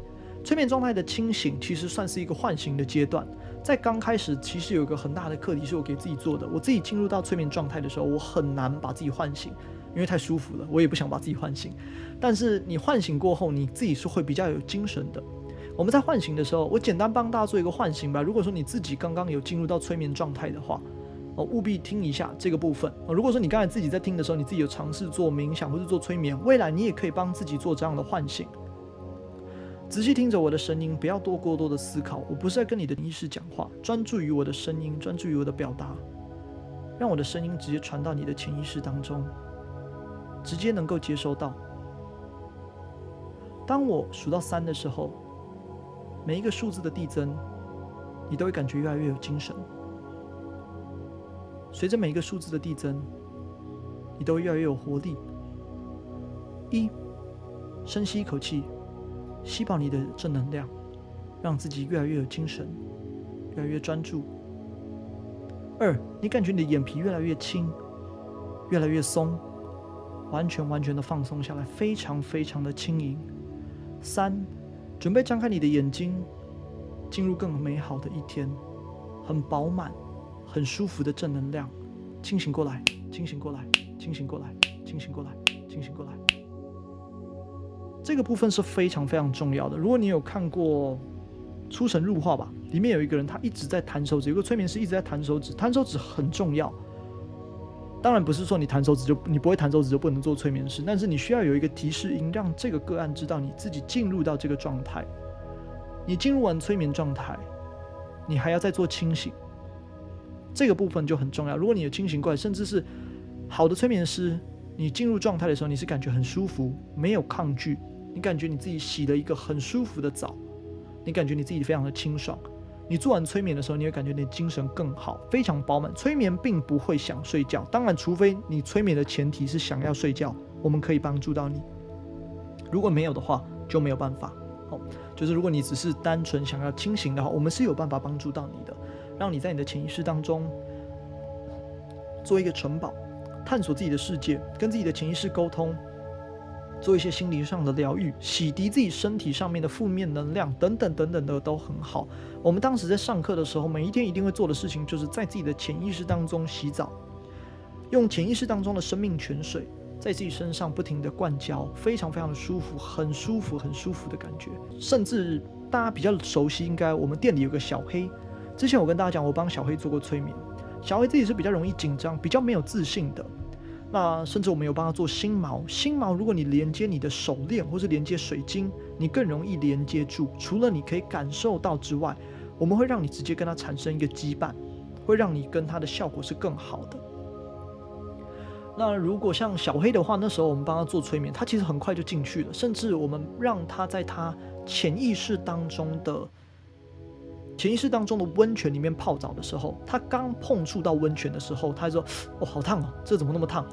催眠狀態的清醒其實算是一個喚醒的階段。在剛開始，其實有一個很大的課題是我給自己做的。我自己進入到催眠狀態的時候，我很難把自己喚醒，因為太舒服了，我也不想把自己喚醒。但是你喚醒過後，你自己是會比較有精神的。我們在喚醒的時候，我簡單幫大家做一個喚醒吧。如果說你自己剛剛有進入到催眠狀態的話，哦，呃，務必聽一下這個部分。呃，如果說你剛才自己在聽的時候，你自己有嘗試做冥想或是做催眠，未來你也可以幫自己做這樣的喚醒。仔細聽着我的聲音，不要多過多的思考。我不是在跟你的意識講話，專注於我的聲音，專注於我的表達，讓我的聲音直接傳到你的潛意識當中，直接能夠接收到。當我數到三的時候，每一個數字的遞增，你都會感覺越來越有精神。隨着每一個數字的遞增，你都會越來越有活力。一，深吸一口氣。吸飽你的正能量，讓自己越來越有精神，越來越專注。二，你感覺你的眼皮越來越輕，越來越鬆，完全完全的放鬆下來，非常非常的輕盈。三，準備張開你的眼睛，進入更美好的一天，很飽滿、很舒服的正能量。清醒過來，清醒過來，清醒過來，清醒過來，清醒過來。這個部分是非常非常重要的。如果你有看過《出神入化》吧，裡面有一個人，他一直在彈手指，有個催眠師一直在彈手指，彈手指很重要。當然不是說你彈手指就你不會彈手指就不能做催眠師，但是你需要有一個提示音，讓這個個案知道你自己進入到這個狀態。你進入完催眠狀態，你還要再做清醒，這個部分就很重要。如果你有清醒過來，甚至是好的催眠師，你進入狀態的時候，你是感覺很舒服，沒有抗拒。你感覺你自己洗了一個很舒服的澡，你感覺你自己非常的清爽。你做完催眠的時候，你會感覺你精神更好，非常飽滿。催眠並不會想睡覺，當然，除非你催眠的前提是想要睡覺，我們可以幫助到你。如果沒有的話，就沒有辦法。好，就是如果你只是單純想要清醒的話，我們是有辦法幫助到你的，讓你在你的潛意識當中做一個城堡，探索自己的世界，跟自己的潛意識溝通。做一些心理上的療癒，洗滌自己身體上面的負面能量，等等等等的都很好。我們當時在上課的時候，每一天一定會做的事情，就是在自己的潛意識當中洗澡，用潛意識當中的生命泉水，在自己身上不停的灌澆，非常非常的舒服，很舒服，很舒服的感覺。甚至大家比較熟悉應，應該我們店裡有個小黑，之前我跟大家講，我幫小黑做過催眠，小黑自己是比較容易緊張，比較沒有自信的。那甚至我們有幫他做心錨，心錨如果你連接你的手鏈或是連接水晶，你更容易連接住。除了你可以感受到之外，我們會讓你直接跟他產生一個羈絆，會讓你跟他的效果是更好的。那如果像小黑的話，那時候我們幫他做催眠，他其實很快就進去了，甚至我們讓他在他潛意識當中的。潛意識當中的溫泉裡面泡澡的時候，他剛碰觸到溫泉的時候，他說：“哦，好燙哦、啊，這怎麼那麼燙、啊？”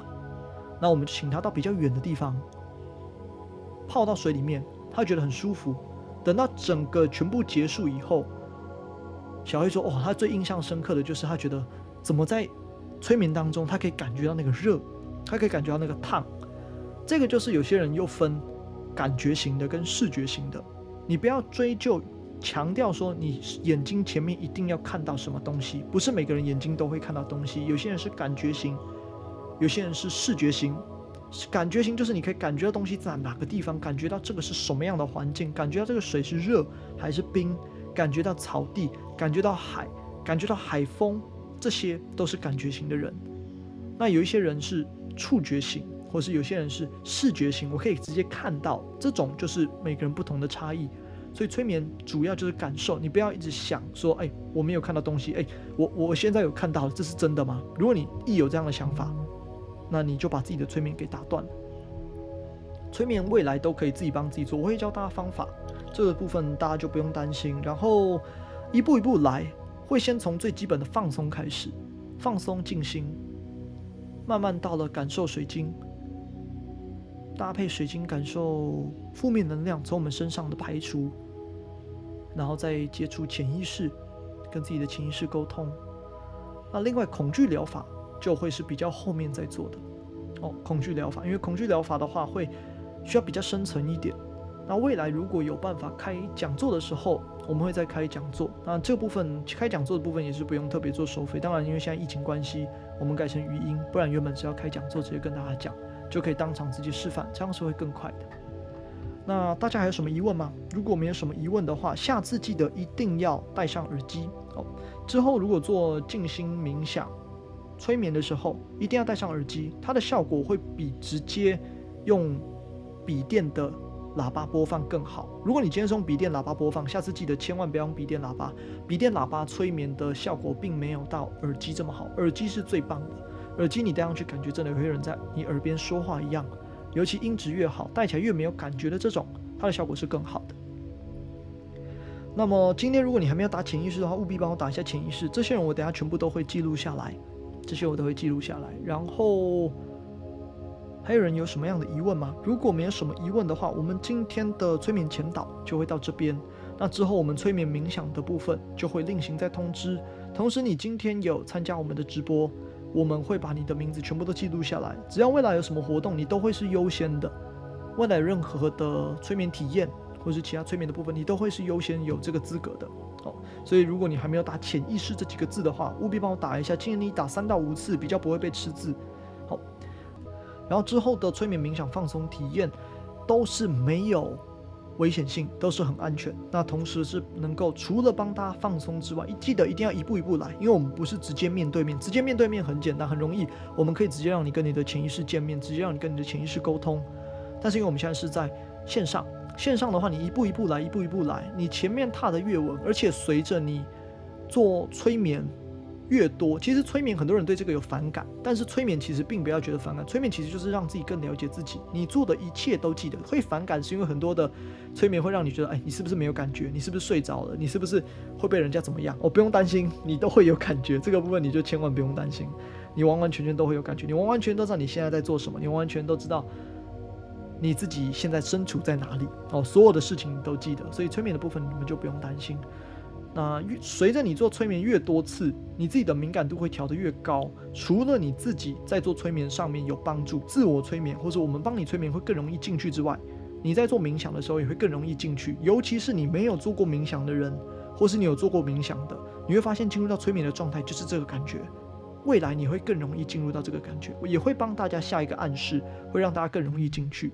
那我們請他到比較遠的地方泡到水裡面，他覺得很舒服。等到整個全部結束以後，小黑說：“哦，他最印象深刻的就是他覺得怎麼在催眠當中他，他可以感覺到那個熱，他可以感覺到那個燙。這個就是有些人又分感覺型的跟視覺型的，你不要追究。”強調說，你眼睛前面一定要看到什麼東西，不是每個人眼睛都會看到東西。有些人是感覺型，有些人是視覺型。感覺型，就是你可以感覺到東西在哪個地方，感覺到這個是什麼樣的環境，感覺到這個水是熱還是冰，感覺到草地，感覺到海，感覺到海風，這些都是感覺型的人。那有一些人是觸覺型，或是有些人是視覺型，我可以直接看到，這種就是每個人不同的差異。所以催眠主要就是感受，你不要一直想說，哎、欸，我沒有看到東西，哎、欸，我我現在有看到，這是真的嗎？如果你一有這樣的想法，那你就把自己的催眠給打斷了。催眠未來都可以自己幫自己做，我會教大家方法，這個部分大家就不用擔心，然後一步一步來，會先從最基本的放鬆開始，放鬆靜心，慢慢到了感受水晶，搭配水晶感受負面能量從我們身上的排除。然後再接觸潛意識，跟自己的潛意識溝通。那另外，恐懼療法就會是比較後面再做的。哦，恐懼療法，因為恐懼療法的話會需要比較深層一點。那未來如果有辦法開講座的時候，我們會再開講座。那這部分開講座的部分也是不用特別做收費。當然，因為現在疫情關係，我們改成語音，不然原本是要開講座，直接跟大家講就可以當場直接示範，這樣是會更快的。那大家還有什麼疑問嗎？如果沒有什麼疑問的話，下次記得一定要戴上耳機哦。之後如果做靜心冥想、催眠的時候，一定要戴上耳機，它的效果會比直接用筆電的喇叭播放更好。如果你今天是用筆電喇叭播放，下次記得千萬不要用筆電喇叭。筆電喇叭催眠的效果並沒有到耳機這麼好，耳機是最棒的。耳機你戴上去，感覺真的有些人在你耳邊說話一樣。尤其音質越好，戴起來越沒有感覺的這種，它的效果是更好的。那麼今天如果你還沒有打潛意識的話，務必幫我打一下潛意識。這些人我等下全部都會記錄下來，這些我都會記錄下來。然後還有人有什麼樣的疑問嗎？如果沒有什麼疑問的話，我們今天的催眠前導就會到這邊。那之後我們催眠冥想的部分就會另行再通知。同時，你今天有參加我們的直播。我們會把你的名字全部都記錄下來，只要未來有什麼活動，你都會是優先的。未來任何的催眠體驗或者是其他催眠的部分，你都會是優先有這個資格的。好，所以如果你還沒有打潛意識這幾個字的話，務必幫我打一下。建議你打三到五次，比較不會被吃字。好，然後之後的催眠冥想放鬆體驗都是沒有。危險性都是很安全，那同時是能夠除了幫他放鬆之外，記得一定要一步一步來，因為我們不是直接面對面，直接面對面很簡單，很容易，我們可以直接讓你跟你的潛意識見面，直接讓你跟你的潛意識溝通，但是因為我們現在是在線上，線上的話你一步一步來，一步一步來，你前面踏得越穩，而且隨着你做催眠。越多，其實催眠很多人對這個有反感，但是催眠其實並不要覺得反感。催眠其實就是讓自己更了解自己，你做的一切都記得。會反感是因為很多的催眠會讓你覺得，哎，你是不是沒有感覺？你是不是睡着了？你是不是會被人家怎麼樣？我、哦、不用擔心，你都會有感覺。這個部分你就千萬不用擔心，你完完全全都會有感覺。你完完全全都知道你現在在做什麼，你完完全全都知道你自己現在身處在哪裡。哦，所有的事情你都記得，所以催眠的部分你們就不用擔心。那越隨着你做催眠越多次，你自己的敏感度會調得越高。除了你自己在做催眠上面有幫助，自我催眠，或是我們幫你催眠會更容易進去之外，你在做冥想的時候也會更容易進去。尤其是你沒有做過冥想的人，或是你有做過冥想的，你會發現進入到催眠的狀態，就是這個感覺。未來你會更容易進入到這個感覺，我也會幫大家下一個暗示，會讓大家更容易進去。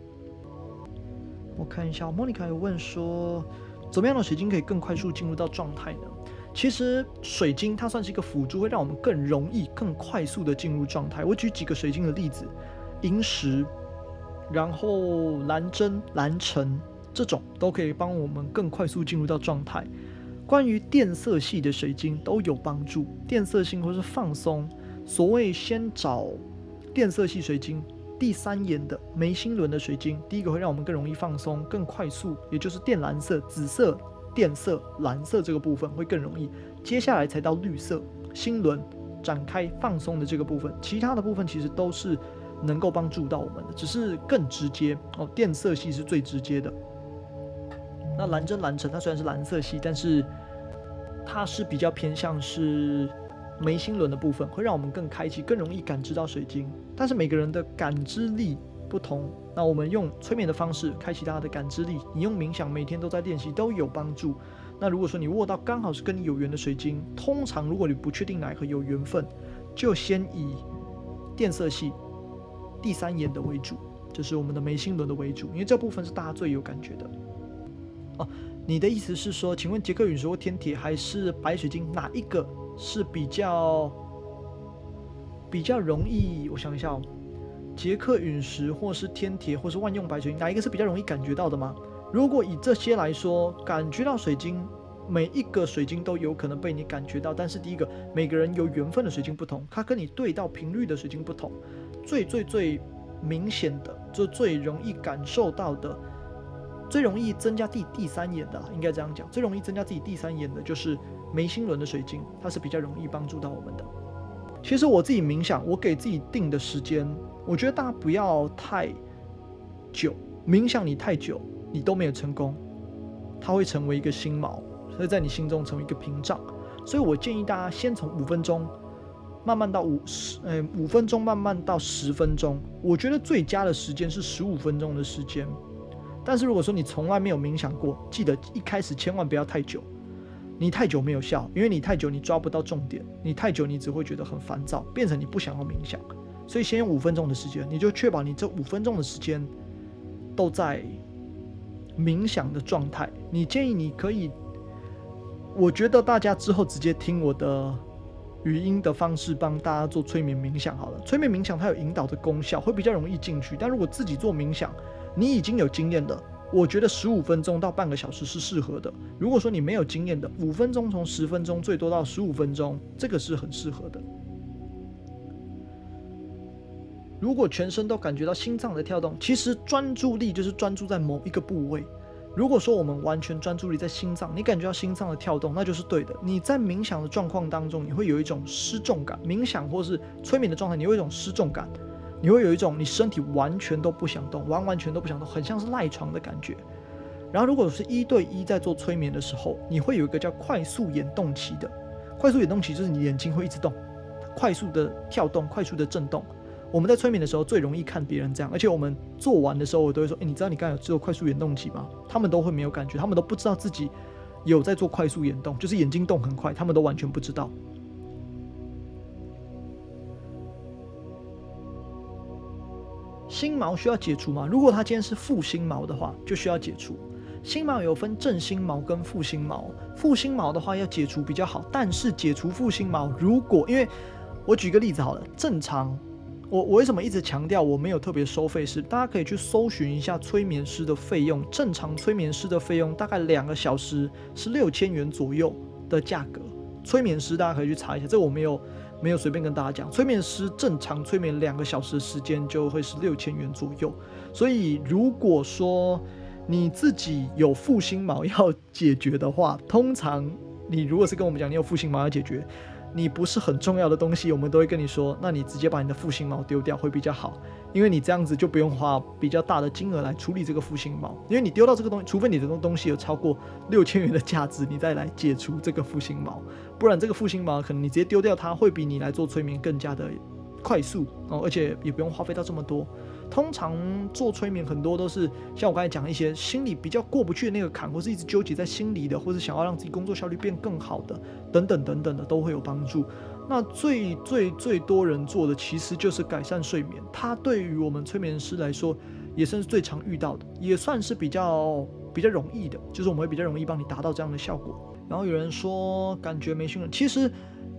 我看一下，莫妮卡有問說。怎麼樣的水晶可以更快速進入到狀態呢？其實水晶它算是一個輔助，會讓我們更容易、更快速的進入狀態。我舉幾個水晶的例子：螢石，然後藍針、藍橙這種都可以幫我們更快速進入到狀態。關於電色系的水晶都有幫助，電色性或是放鬆。所謂先找電色系水晶。第三眼的眉心輪的水晶，第一個會讓我們更容易放鬆、更快速，也就是靛藍色、紫色、靛色、藍色這個部分會更容易。接下來才到綠色心輪展開放鬆的這個部分，其他的部分其實都是能夠幫助到我們的，只是更直接哦。靛色系是最直接的。那藍針藍橙它雖然是藍色系，但是它是比較偏向是。眉心輪的部分會讓我們更開啟，更容易感知到水晶。但是每個人的感知力不同，那我們用催眠的方式開啟大家的感知力。你用冥想每天都在練習，都有幫助。那如果說你握到剛好是跟你有緣的水晶，通常如果你不確定哪顆有緣分，就先以靛色系、第三眼的為主，就是我們的眉心輪的為主，因為這部分是大家最有感覺的。哦、啊，你的意思是說，請問捷克隕石或天鐵還是白水晶哪一個？是比較比較容易，我想一下哦，捷克隕石，或是天鐵，或是萬用白水晶，哪一個是比較容易感覺到的嗎？如果以這些來說，感覺到水晶，每一個水晶都有可能被你感覺到，但是第一個，每個人有緣分的水晶不同，它跟你對到頻率的水晶不同，最最最明顯的，就最容易感受到的，最容易增加第第三眼的、啊，應該這樣講，最容易增加自己第三眼的，就是。眉心輪的水晶，它是比較容易幫助到我們的。其實我自己冥想，我給自己定的時間，我覺得大家不要太久，冥想你太久你都沒有成功，它會成為一個心錨，所以在你心中成為一個屏障。所以我建議大家先從五分鐘，慢慢到五十，呃，五分鐘慢慢到十分鐘。我覺得最佳的時間是十五分鐘的時間。但是如果說你從來沒有冥想過，記得一開始千萬不要太久。你太久沒有笑，因為你太久你抓不到重點，你太久你只會覺得很煩躁，變成你不想要冥想，所以先用五分鐘的時間，你就確保你這五分鐘的時間都在冥想的狀態。你建議你可以，我覺得大家之後直接聽我的語音的方式幫大家做催眠冥想好了。催眠冥想它有引導的功效，會比較容易進去。但如果自己做冥想，你已經有經驗的。我覺得十五分鐘到半個小時是適合的。如果說你沒有經驗的，五分鐘從十分鐘最多到十五分鐘，這個是很適合的。如果全身都感覺到心臟的跳動，其實專注力就是專注在某一個部位。如果說我們完全專注力在心臟，你感覺到心臟的跳動，那就是對的。你在冥想的狀況當中，你會有一種失重感；冥想或是催眠的狀態，你會有一種失重感。你會有一種你身體完全都不想動，完完全都不想動，很像是賴床的感覺。然後，如果是一對一在做催眠的時候，你會有一個叫快速眼動期的。快速眼動期就是你眼睛會一直動，快速的跳動，快速的震動。我們在催眠的時候最容易看別人這樣，而且我們做完的時候，我都會說：“欸，你知道你剛才有做快速眼動期嗎？”他們都會沒有感覺，他們都不知道自己有在做快速眼動，就是眼睛動很快，他們都完全不知道。心錨需要解除嗎？如果它今天是負心錨的話，就需要解除。心錨有分正心錨跟負心錨，負心錨的話要解除比較好。但是解除負心錨，如果因為我舉個例子好了，正常，我我為什麼一直強調我沒有特別收費是？大家可以去搜尋一下催眠師的費用，正常催眠師的費用大概兩個小時是六千元左右的價格，催眠師大家可以去查一下，這個、我沒有。沒有隨便跟大家講，催眠師正常催眠兩個小時時間就會是六千元左右。所以，如果說你自己有負興毛要解決的話，通常你如果是跟我們講你有負興毛要解決。你不是很重要的東西，我們都會跟你說，那你直接把你的復興毛丟掉會比較好，因為你這樣子就不用花比較大的金額來處理這個復興毛。因為你丟到這個東西，除非你的東、東西有超過六千元的價值，你再來解除這個復興毛。不然這個復興毛可能你直接丟掉它會比你來做催眠更加的快速哦，而且也不用花費到這麼多。通常做催眠，很多都是像我剛才講一些心裡比較過不去的那個坎，或是一直糾結在心裡的，或者想要讓自己工作效率變更好的，等等等等的，都會有幫助。那最最最多人做的其實就是改善睡眠，它對於我們催眠師來說也算是最常遇到的，也算是比較比較容易的，就是我們會比較容易幫你達到這樣的效果。然後有人說感覺沒信任，其實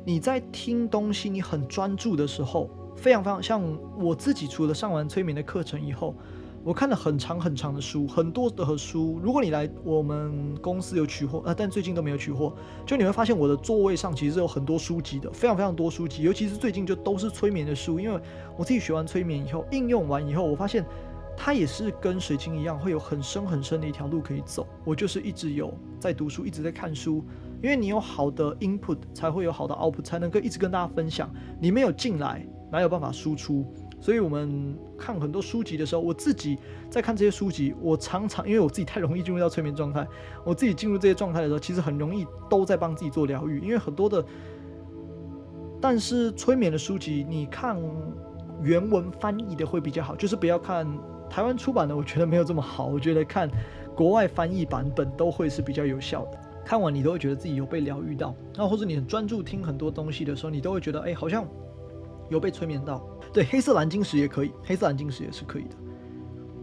你在聽東西你很專注的時候。非常非常像我自己。除了上完催眠的課程以後，我看了很長很長的書，很多的書。如果你來我們公司有取貨，呃，但最近都沒有取貨。就你會發現我的座位上其實是有很多書籍的，非常非常多書籍，尤其是最近就都是催眠的書。因為我自己學完催眠以後，應用完以後，我發現它也是跟水晶一樣，會有很深很深的一條路可以走。我就是一直有在讀書，一直在看書。因為你有好的 input，才會有好的 output，才能夠一直跟大家分享。你沒有進來。哪有辦法輸出？所以我們看很多書籍的時候，我自己在看這些書籍，我常常因為我自己太容易進入到催眠狀態，我自己進入這些狀態的時候，其實很容易都在幫自己做療癒。因為很多的，但是催眠的書籍，你看原文翻譯的會比較好，就是不要看台灣出版的，我覺得沒有這麼好。我覺得看國外翻譯版本都會是比較有效的。看完你都會覺得自己有被療癒到，那或者你很專注聽很多東西的時候，你都會覺得，哎、欸，好像。有被催眠到，對黑色藍晶石也可以，黑色藍晶石也是可以的，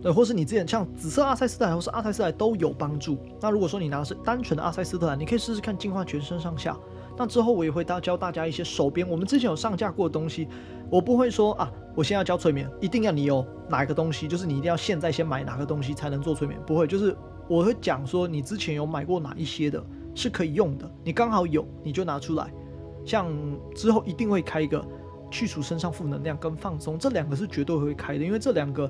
對，或是你之前像紫色阿塞斯特，或是阿塞斯特都有幫助。那如果說你拿的是單純的阿塞斯特蘭，你可以試試看淨化全身上下。那之後我也會教大家一些手邊我們之前有上架過的東西，我不會說啊，我現在要教催眠，一定要你有哪一個東西，就是你一定要現在先買哪個東西才能做催眠，不會，就是我會講說你之前有買過哪一些的是可以用的，你剛好有你就拿出來。像之後一定會開一個。去除身上負能量跟放鬆，這兩個是絕對會開的，因為這兩個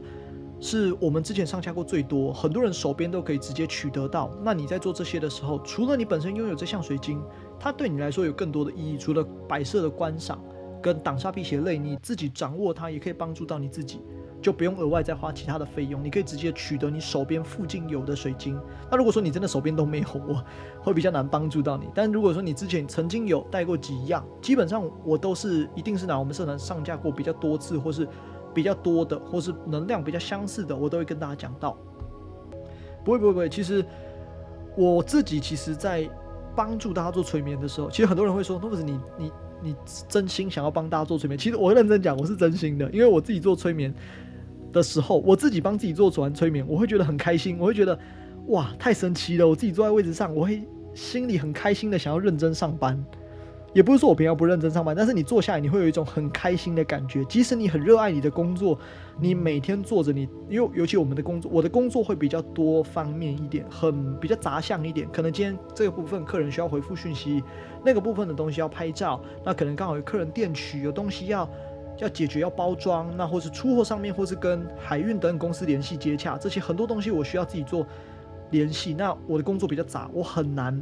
是我們之前上架過最多，很多人手邊都可以直接取得到。那你在做這些的時候，除了你本身擁有這項水晶，它對你來說有更多的意義，除了擺設的觀賞跟擋煞辟邪類，你自己掌握它也可以幫助到你自己。就不用額外再花其他的費用，你可以直接取得你手邊附近有的水晶。那如果說你真的手邊都沒有，我會比較難幫助到你。但如果說你之前曾經有帶過幾樣，基本上我都是一定是拿我們社團上架過比較多次，或是比較多的，或是能量比較相似的，我都會跟大家講到。不會不會不會，其實我自己其實，在幫助大家做催眠的時候，其實很多人會說：「那不是你，你你真心想要幫大家做催眠」。其實我認真講，我是真心的，因為我自己做催眠。的時候，我自己幫自己做做完催眠，我會覺得很開心，我會覺得哇，太神奇了！我自己坐在位置上，我會心裡很開心的，想要認真上班。也不是說我平常不認真上班，但是你坐下來，你會有一種很開心的感覺。即使你很熱愛你的工作，你每天坐着，你因為尤其我們的工作，我的工作會比較多方面一點，很比較雜項一點。可能今天這個部分客人需要回復訊息，那個部分的東西要拍照，那可能剛好有客人店取，有東西要。要解決要包裝，那或是出貨上面，或是跟海運等等公司聯繫接洽，這些很多東西我需要自己做聯繫。那我的工作比較雜，我很難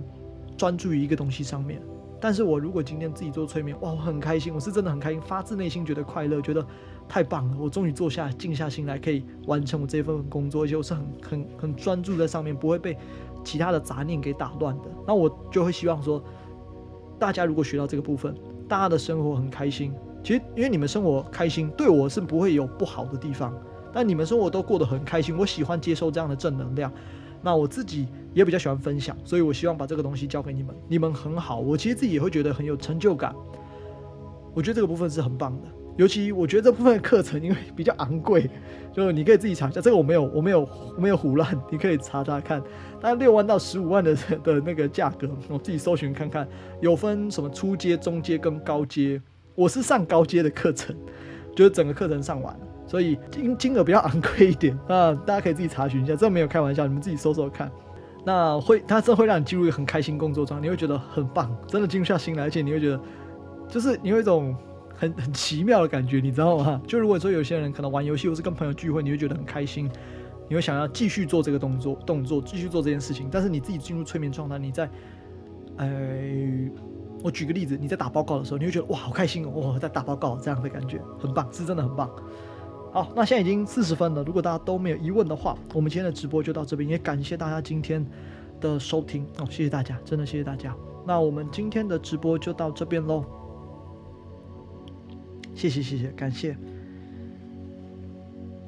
專注於一個東西上面。但是我如果今天自己做催眠，哇，我很開心，我是真的很開心，發自內心覺得快樂，覺得太棒了，我終於坐下靜下心來，可以完成我這一份工作，而且我是很很很專注在上面，不會被其他的雜念給打亂的。那我就會希望說，大家如果學到這個部分，大家的生活很開心。其實，因為你們生活開心，對我是不會有不好的地方。但你們生活都過得很開心，我喜歡接收這樣的正能量。那我自己也比較喜歡分享，所以我希望把這個東西交給你們。你們很好，我其實自己也會覺得很有成就感。我覺得這個部分是很棒的，尤其我覺得這部分的課程因為比較昂貴，就你可以自己查一下。這個我沒有，我沒有，我沒有胡亂，你可以查查看。大概六萬到十五萬的的那個價格，我自己搜尋看看，有分什麼初階、中階跟高階。我是上高階的課程，就是整個課程上完，所以金金額比較昂貴一點。啊，大家可以自己查詢一下，真的沒有開玩笑，你們自己搜搜看。那會他這會讓你進入一個很開心工作狀態，你會覺得很棒，真的靜不下心來，而且你會覺得就是你有一種很很奇妙的感覺，你知道嗎？就如果說有些人可能玩遊戲或是跟朋友聚會，你會覺得很開心，你會想要繼續做這個動作動作，繼續做這件事情。但是你自己進入催眠狀態，你在哎。呃我舉個例子，你在打報告的時候，你會覺得哇，好開心哦！我在打報告，這樣的感覺很棒，是真的很棒。好，那現在已經四十分了，如果大家都沒有疑問的話，我們今天的直播就到這邊，也感謝大家今天的收聽哦，謝謝大家，真的謝謝大家。那我們今天的直播就到這邊嘍，謝謝謝謝，感謝。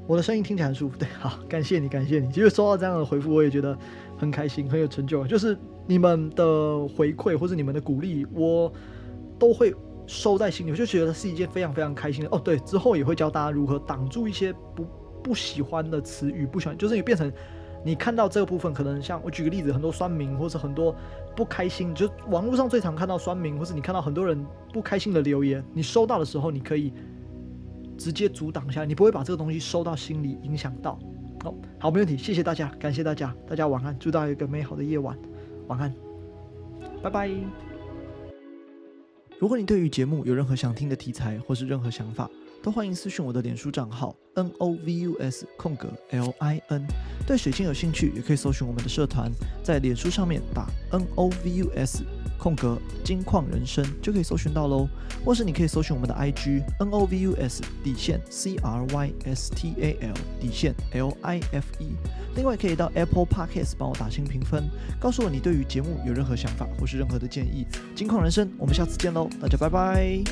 我的聲音聽起來很舒服，對，好，感謝你，感謝你，就是收到這樣的回復，我也覺得很開心，很有成就，就是。你們的回饋或者你們的鼓勵，我都會收在心裡，我就覺得是一件非常非常開心的哦。對，之後也會教大家如何擋住一些不不喜歡的詞語，不喜歡就是你變成你看到這個部分，可能像我舉個例子，很多酸民或者很多不開心，就網絡上最常看到酸民，或是你看到很多人不開心的留言，你收到的時候，你可以直接阻擋下來，你不會把這個東西收到心裡，影響到。好、哦、好，沒問題，謝謝大家，感謝大家，大家晚安，祝大家有一個美好的夜晚。晚安，拜拜。如果你對於節目有任何想聽的題材或是任何想法，歡迎私訊我的臉書賬號、Novus、N O V U S 空格 L I N，對水晶有興趣也可以搜尋我們的社團，在臉書上面打 N O V U S 空格晶礦人生就可以搜尋到嘍，或是你可以搜尋我們的 I G N O V U S 底線 C R Y S T A L 底線 L I F E，另外可以到 Apple Podcast 幫我打新評分，告訴我你對於節目有任何想法或是任何的建議。晶礦人生，我們下次見嘍，大家拜拜。